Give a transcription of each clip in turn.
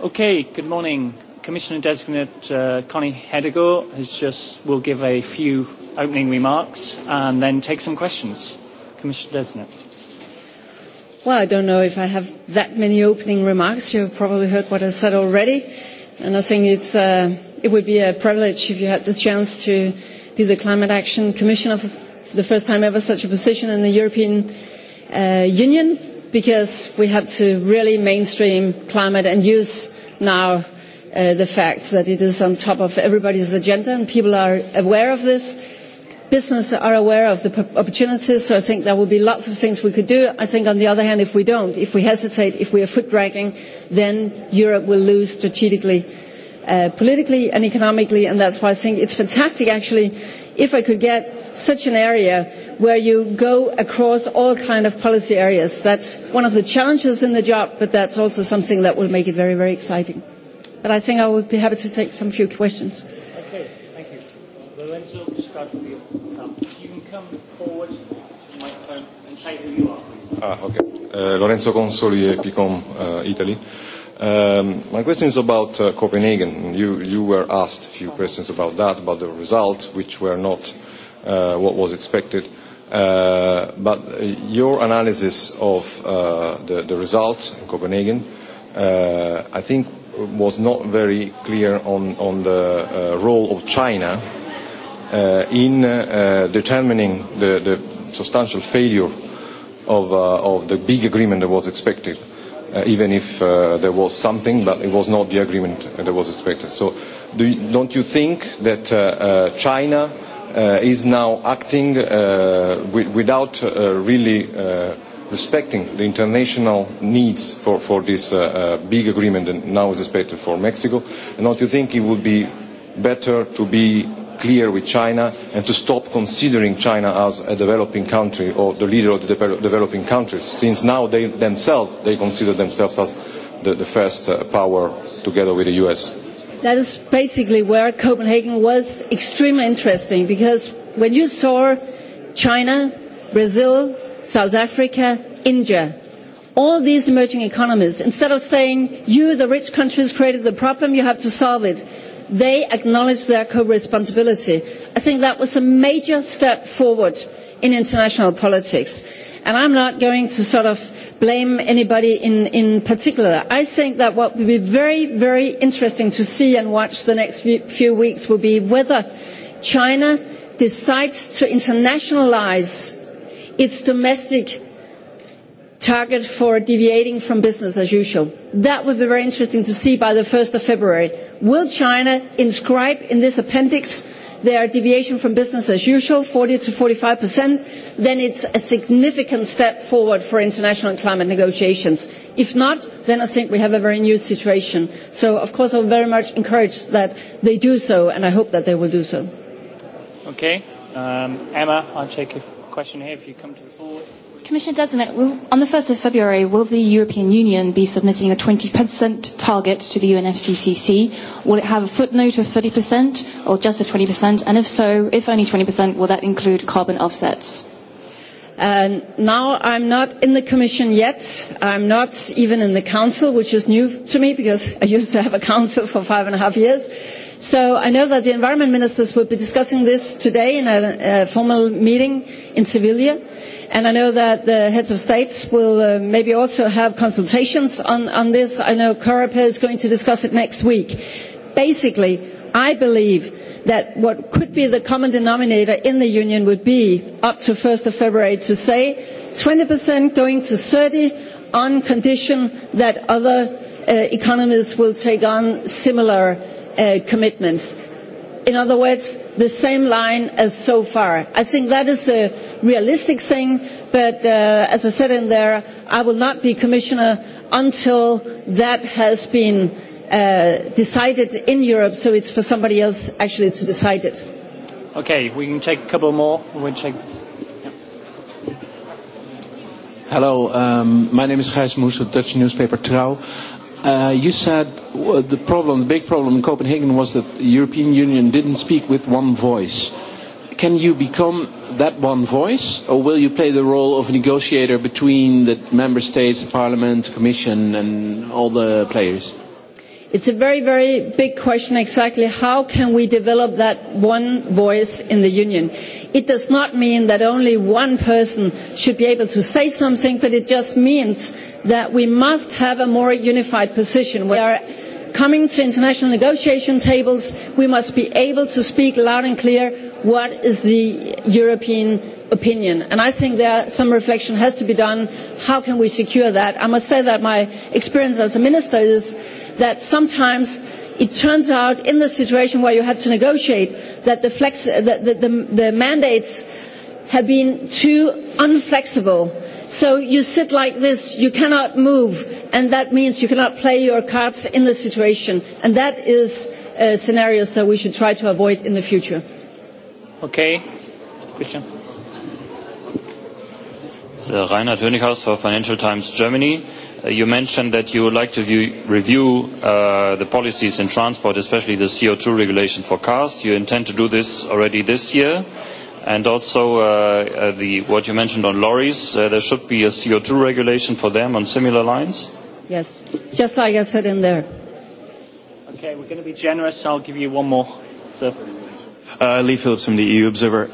Okay, good morning. Commissioner designate uh, Connie Hedegaard has just will give a few opening remarks and then take some questions. Commissioner designate. Well, I don't know if I have that many opening remarks. You have probably heard what I said already. And I think it's, it would be a privilege if you had the chance to be the Climate Action Commissioner for the first time ever such a position in the European Union because we have to really mainstream climate and use now the fact that it is on top of everybody's agenda and people are aware of this business are aware of the opportunities, so I think there will be lots of things we could do. I think, on the other hand, if we don't, if we hesitate, if we are foot-dragging, then Europe will lose strategically, politically and economically, and that's why I think it's fantastic, actually, if I could get such an area where you go across all kind of policy areas. That's one of the challenges in the job, but that's also something that will make it very, very exciting. But I think I would be happy to take some few questions. Ah, okay. Lorenzo Consoli, Picom, Italy. My question is about Copenhagen. You were asked a few questions about that, about the results, which were not what was expected. But your analysis of the results in Copenhagen, I think, was not very clear on the role of China in determining the substantial failure of the big agreement that was expected, even if there was something, but it was not the agreement that was expected. So don't you think that China is now acting without really respecting the international needs for for this big agreement that now is expected for Mexico? And don't you think it would be better to be clear with China and to stop considering China as a developing country or the leader of the developing countries, since now they themselves they consider themselves as the first power together with the US. That is basically where Copenhagen was extremely interesting because when you saw China, Brazil, South Africa, India, all these emerging economies, instead of saying you, the rich countries, created the problem, you have to solve it they acknowledged their co-responsibility. I think that was a major step forward in international politics. And I'm not going to sort of blame anybody in particular. I think that what will be very, very interesting to see and watch the next few weeks will be whether China decides to internationalise its domestic target for deviating from business as usual. That would be very interesting to see by the 1st of February. Will China inscribe in this appendix their deviation from business as usual, 40 to 45%? Then it's a significant step forward for international climate negotiations. If not, then I think we have a very new situation. So, of course, I very much encourage that they do so, and I hope that they will do so. Okay. Emma, I'll take a question here if you come to the floor. Commissioner will on the 1st of February, will the European Union be submitting a 20% target to the UNFCCC? Will it have a footnote of 30% or just a 20%? And if so, if only 20%, will that include carbon offsets? Now I'm not in the Commission yet. I'm not even in the Council, which is new to me because I used to have a Council for five and a half years. So I know that the Environment Ministers will be discussing this today in a formal meeting in Sevilla, and I know that the heads of states will maybe also have consultations on this. I know Coreper is going to discuss it next week. Basically I believe that what could be the common denominator in the Union would be up to 1st of February to say 20% going to 30 on condition that other economies will take on similar commitments. In other words, the same line as so far. I think that is a realistic thing, but as I said in there, I will not be Commissioner until that has been decided in Europe, so it's for somebody else actually to decide it. Okay, we can take a couple more. We'll Hello, my name is Gijs Moes of Dutch newspaper Trouw. You said the problem, the big problem in Copenhagen was that the European Union didn't speak with one voice. Can you become that one voice, or will you play the role of a negotiator between the member states, the parliament, commission, and all the players? It's a very, very big question exactly how can we develop that one voice in the Union. It does not mean that only one person should be able to say something, but it just means that we must have a more unified position. We are coming to international negotiation tables, we must be able to speak loud and clear what is the European opinion. And I think there some reflection has to be done. How can we secure that? I must say that my experience as a minister is that sometimes it turns out in the situation where you have to negotiate that the mandates have been too unflexible. So you sit like this, you cannot move, and that means you cannot play your cards in the situation. And that is scenarios that we should try to avoid in the future. Okay. Christian. It's Reinhard Hönighaus for Financial Times Germany. You mentioned that you would like to review the policies in transport, especially the CO2 regulation for cars. You intend to do this already this year. And also the what you mentioned on lorries, there should be a CO2 regulation for them on similar lines? Yes, just like I said in there. Okay, we're going to be generous. I'll give you one more. Lee Phillips from the EU Observer.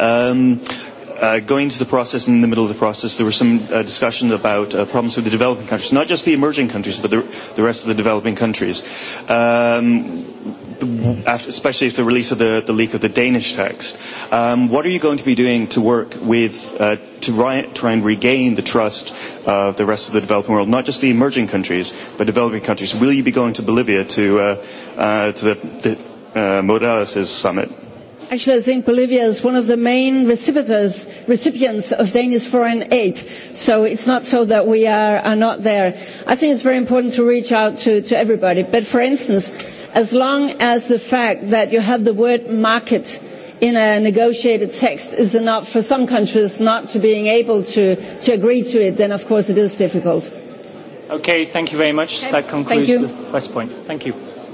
Going to the process in the middle of the process, there was some discussion about problems with the developing countries, not just the emerging countries, but the rest of the developing countries, especially after the release of the leak of the Danish text. What are you going to be doing to work with to try and regain the trust of the rest of the developing world, not just the emerging countries, but developing countries? Will you be going to Bolivia to the Morales Summit? Actually, I think Bolivia is one of the main recipients of Danish foreign aid, so it's not so that we are not there. I think it's very important to reach out to everybody. But, for instance, as long as the fact that you have the word market in a negotiated text is enough for some countries not to being able to agree to it, then, of course, it is difficult. Okay, thank you very much. That concludes the press Point. Thank you.